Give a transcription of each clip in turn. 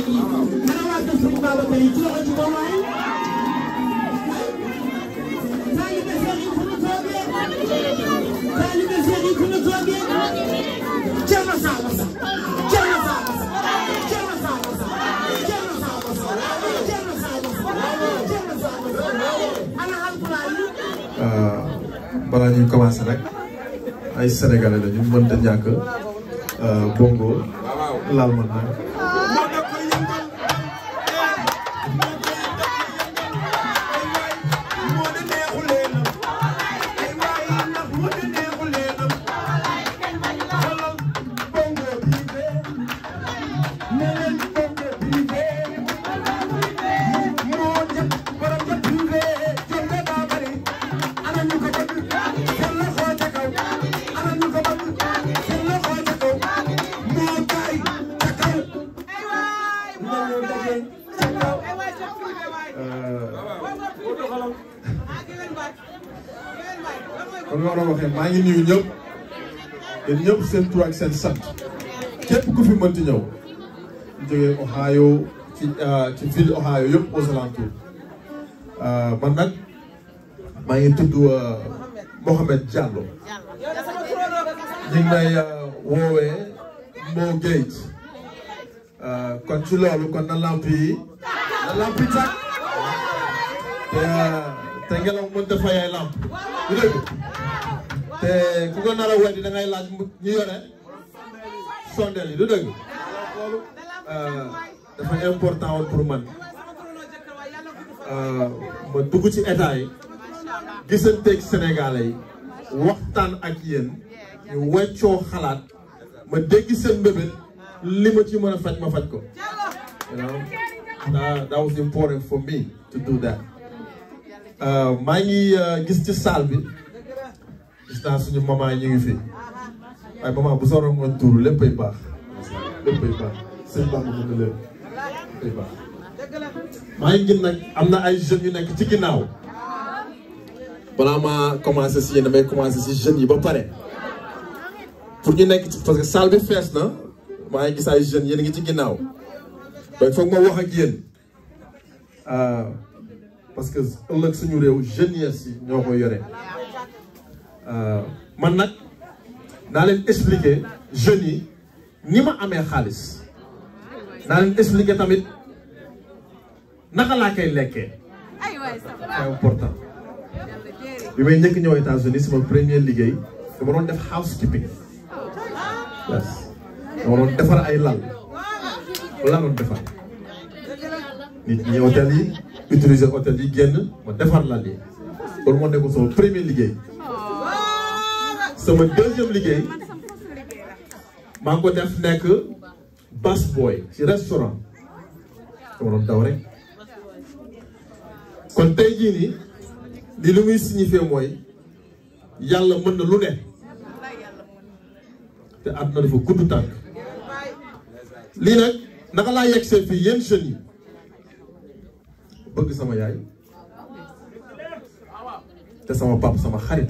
dëkk yi ana waa kër Serigne Babacar yi ci loxo ci moom waaye taalibe Cheikh yi fu ñu toogee taalibe Cheikh yi fu ñu toogee Thierno Sall Sall Thierno Sall Thierno Sall Thierno Sall Thierno Sall Thierno Sall ana alquran yi balaa ñuy commencé rek ay sénégalais la ñu mënta ñàkk euh, bongo laal man nag maa ngi nuyu ñëpp yéen ñëpp seen tur ak seen sant képp ku fi mënti ñëw ñu Ohio ci euh, ci Ohio yëpp aux alentours euh, man nag maa ngi tudd euh, Mohamed Diallo ñu ngi may woowee Mo kon ci loolu kon na lamp na lamp yi te ngelaw mën dafa yaay lamp bu dëgg te ku ko nar a weddi da laaj laaj ñu yore sondeel yi lu dëgg euh, dafa important woon pour man euh, ma dugg ci état yi gisanteeg Sénégalais yi waxtaan ak yéen ñu weccoo xalaat ma dégg seen bébét li ma ci mën a faj ma faj ko you know euh, maa ngi gis ci salle bi gis suñu maman ñu ngi fi waaye maman bu soxla woon tuuru léppay baax baax sëñ baax mu mën lépp léppay baax. maa ngi gën nag am na ay jeunes yu nekk ci ginnaaw balaa maa commencé si yéen damay commencé si jeunes yi ba pare pour ñu nekk parce que salle bi fees na maa ngi gis ay jeunes yéen a ngi ci ginnaaw donc foog ma wax ak yéen ah, parce que ëllëg suñu réew jeunesse si ñoo koy yore. Euh, man nag naa leen expliquer jeunes yi ni ma amee xaalis naa leen expliquer tamit naka laa koy lekkee c'est important bi may njëkk ñëw États-Unis sama premier liggéey dama doon def housekeeping yes dama doon defar ay lal loolu laa doon defar nit ñi hôtel yi utiliser hôtel yi génn ma defar lal yi loolu moo nekkoon sama premier liggéey sama deuxième liggéey maa ngi ko def nekk bus ci restaurant dama doon daw kon tey jii nii li lu muy signifier mooy yàlla mën na lu ne te àdduna dafa gudd tànk lii nag naka laa yegsee fii yéen jeunes yi bëgg sama yaay te sama pap sama xarit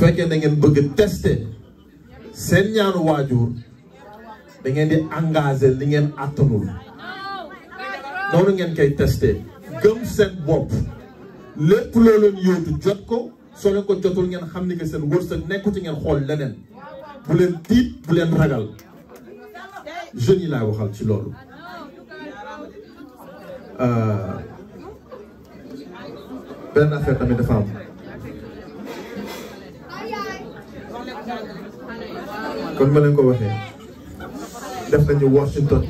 fekkee da ngeen bëgg tester seen ñaanu waajur da ngeen di engager li ngeen àttanul loolu ngeen koy tester gëm seen bopp lépp loo yóotu jot ko soo leen ko jotul ngeen xam ni que seen wërsëg nekku ci ngeen xool leneen bu leen tiit bu leen ragal jeunes yi laay waxal ci loolu euh, benn affaire tamit dafa kon ma leen ko waxee def nañu Washington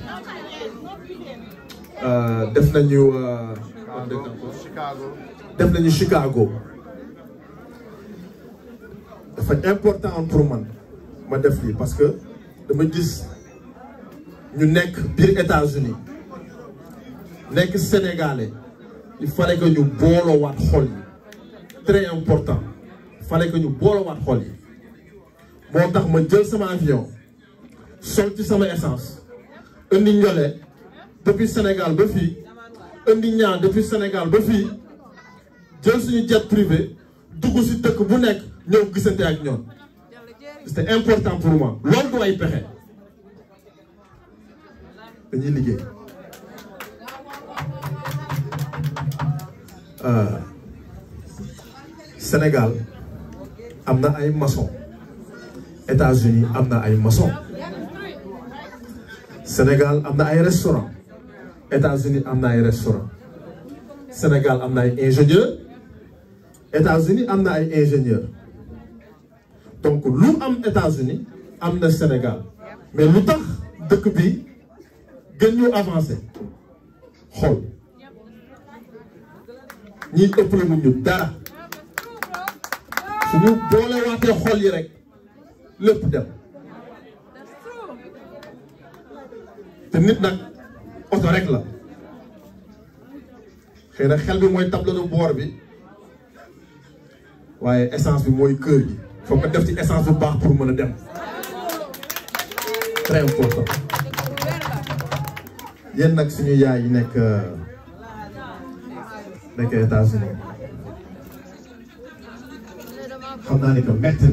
euh, def nañu. Euh, def nañu Chicago. dafa important pour man ma def lii parce que dama gis ñu nekk biir États-Unis nekk Sénégalais il fallait que ñu booloo waat xol yi très important fallait que ñu booloo waat xol yi. moo tax ma jël sama avion sol ci sama essence indi njole depuis Sénégal ba fii indi ñaar depuis Sénégal ba fii jël suñu jet privé dugg si dëkk bu nekk ñëw gisante ak ñoom c'était important pour moi loolu ay pexe dañuy euh, Sénégal am na ay maçon. États-Unis am na ay maçon Sénégal am na ay restaurant États-Unis am na ay restaurant Sénégal am na ay ingénieur États-Unis am na ay ingénieur donc lu am États-Unis am na Sénégal mais lu tax dëkk bi gën ñu avancé xool ñi ëppale mu ñu dara suñu boole waatee xol yi rek lépp dem te nit nag oto rek la na xel bi mooy tableau de bord bi waaye essence bi mooy kër gi foog nga def ci essence bu baax pour mën a dem très important yéen nag suñu yaay yi nekk euh, nekk États-Unis xam naa ne que métti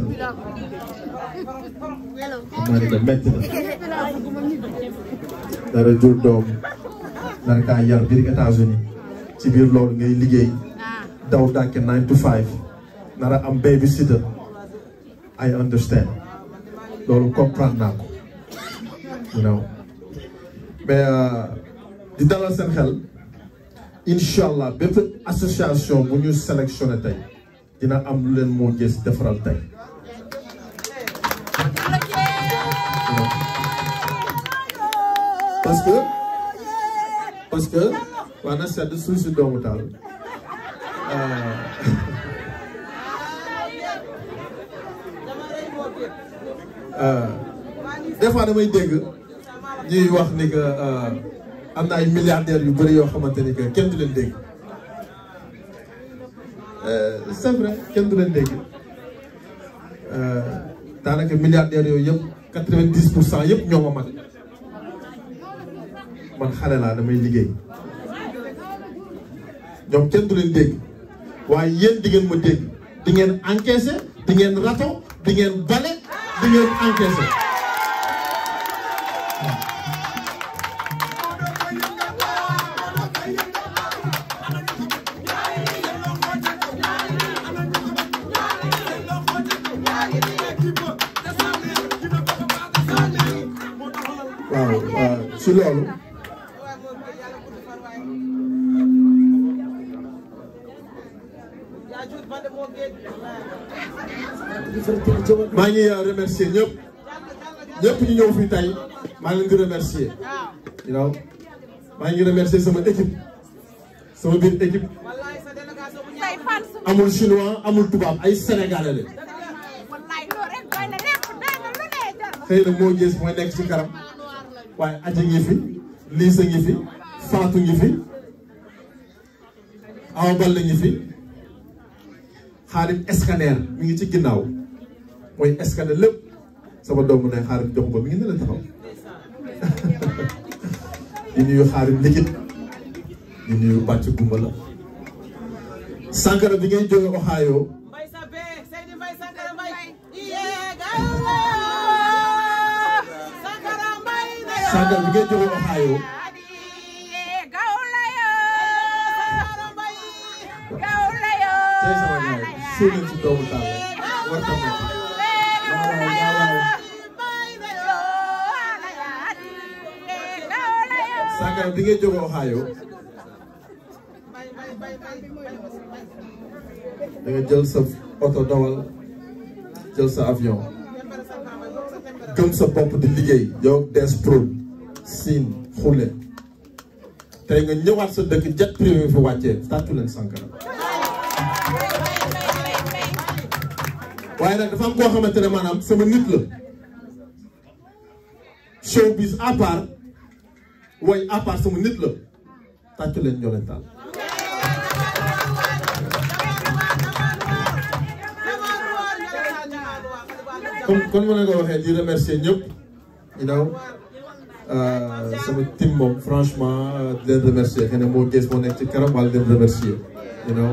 na xam jur doom dara kaa yar biir États-Unis ci biir loolu ngay liggéey daw dàkke nine to five nara am baby sitter I understand loolu comprendre naa ko you know mais euh, di dalal seen xel incha allah bépp association bu ñu sélectionné tey dina am lu leen moo gis defaral tey parce que parce que waa na sedd suuf si doomu taal ah. Ah. des damay dégg ñuy wax ni que ah, am na ay milliardaires yu bëri yoo xamante ni que kenn du leen dégg Euh, c'est vrai kenn du leen dégg euh, daanaka milliardaires yooyu yëpp quatre-vingt-dix pour cent yëpp ñoo ma mag man xale laa damay liggéey ñoom kenn du leen léegi waaye yéen di ngeen ma dégg di ngeen encaissé di ngeen rato di ngeen bale di ngeen encaissé loolu maa ngi euh, remercier ñëpp ñëpp ñu ñëw fii maa ngi leen remercier yow maa ngi remercier sama équipe sama biir équipe amul chinois amul tubaab ay sénégalais la xëy na moo gis mooy nekk ci kanam waaye aji ngi fi liisa ngi fi faatu ngi fi awa balla ngi fi xaarim scanner mi ngi ci ginnaaw mooy scanner lépp sama doomu ne xaarim jox ba mi ngi ne taxaw di nuyu xaarim ligit di nuyu bàcc gumba la Sankara bi ngay jóge Ohio sàngal bi ngeen jógee Ohio tey sama ñaar suul leen si doomu taal war ko mën sàngal bi ngeen jógee Ohio da nga jël sa oto dawal jël sa avion gëm sa bopp di liggéey yow des pro siin xule tey nga ñëwaat sa dëkk jet privé fi wàccee tàccu leen Sankara waaye nag dafa am koo xamante ne maanaam sama nit la showbiz à part way à sama nit la tàccu leen ñoo taal comme comme ma leen waxee di remercier ñëpp you know euh, sama team moom franchement di leen remercier moo gis moo nekk ci kanam wala di leen remercier you know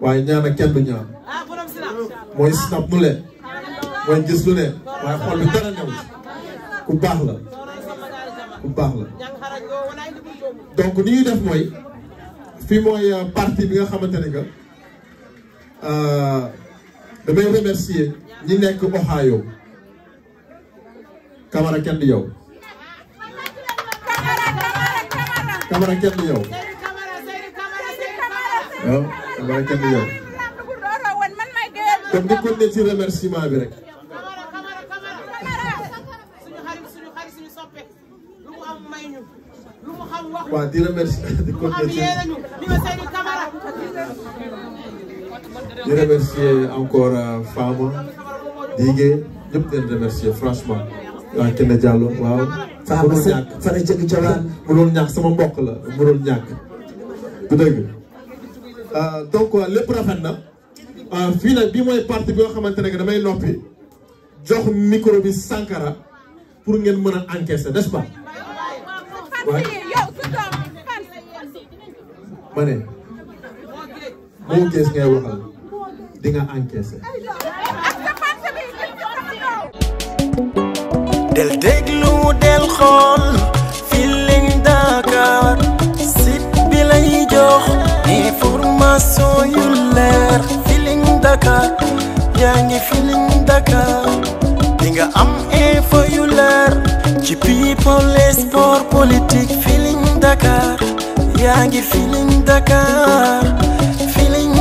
waaye ñaan ak kenn du ñaan mooy snap nu leen mooy gis lu ne waaye xol bi dara ñëw ku baax la ku baax la donc ni ñuy def mooy fii mooy euh, parti bi nga xamante ne euh, damay remercier ñi nekk Ohio Camara kenn yow Camara kenn yow waaw ah, Camara kenn yow kon di continuer ci remerciement bi rek waaw di remercier di continuer ci di remercier encore euh, Fama Digue ñëpp di remercier franchement. waaw Kelle Diallo waaw. Fama Seck Fara Jëgg Diawara mu doon ñàkk sama mbokk la mu doon ñàkk. bu dëgg euh, donc euh, lépp rafet na fii nag bi mooy partie bi yoo xamante ne damay noppi jox micro bi Sankara pour ngeen mën a encaisser nest ma ne. moo kees ngay waxal di nga encaissé. del déglu del xool Feeling Dakar site bi lay jox information yu leer Feeling Dakar yaa ngi Feeling Dakar di nga am info yu leer ci people et sport politique Feeling Dakar yaa ngi Feeling Dakar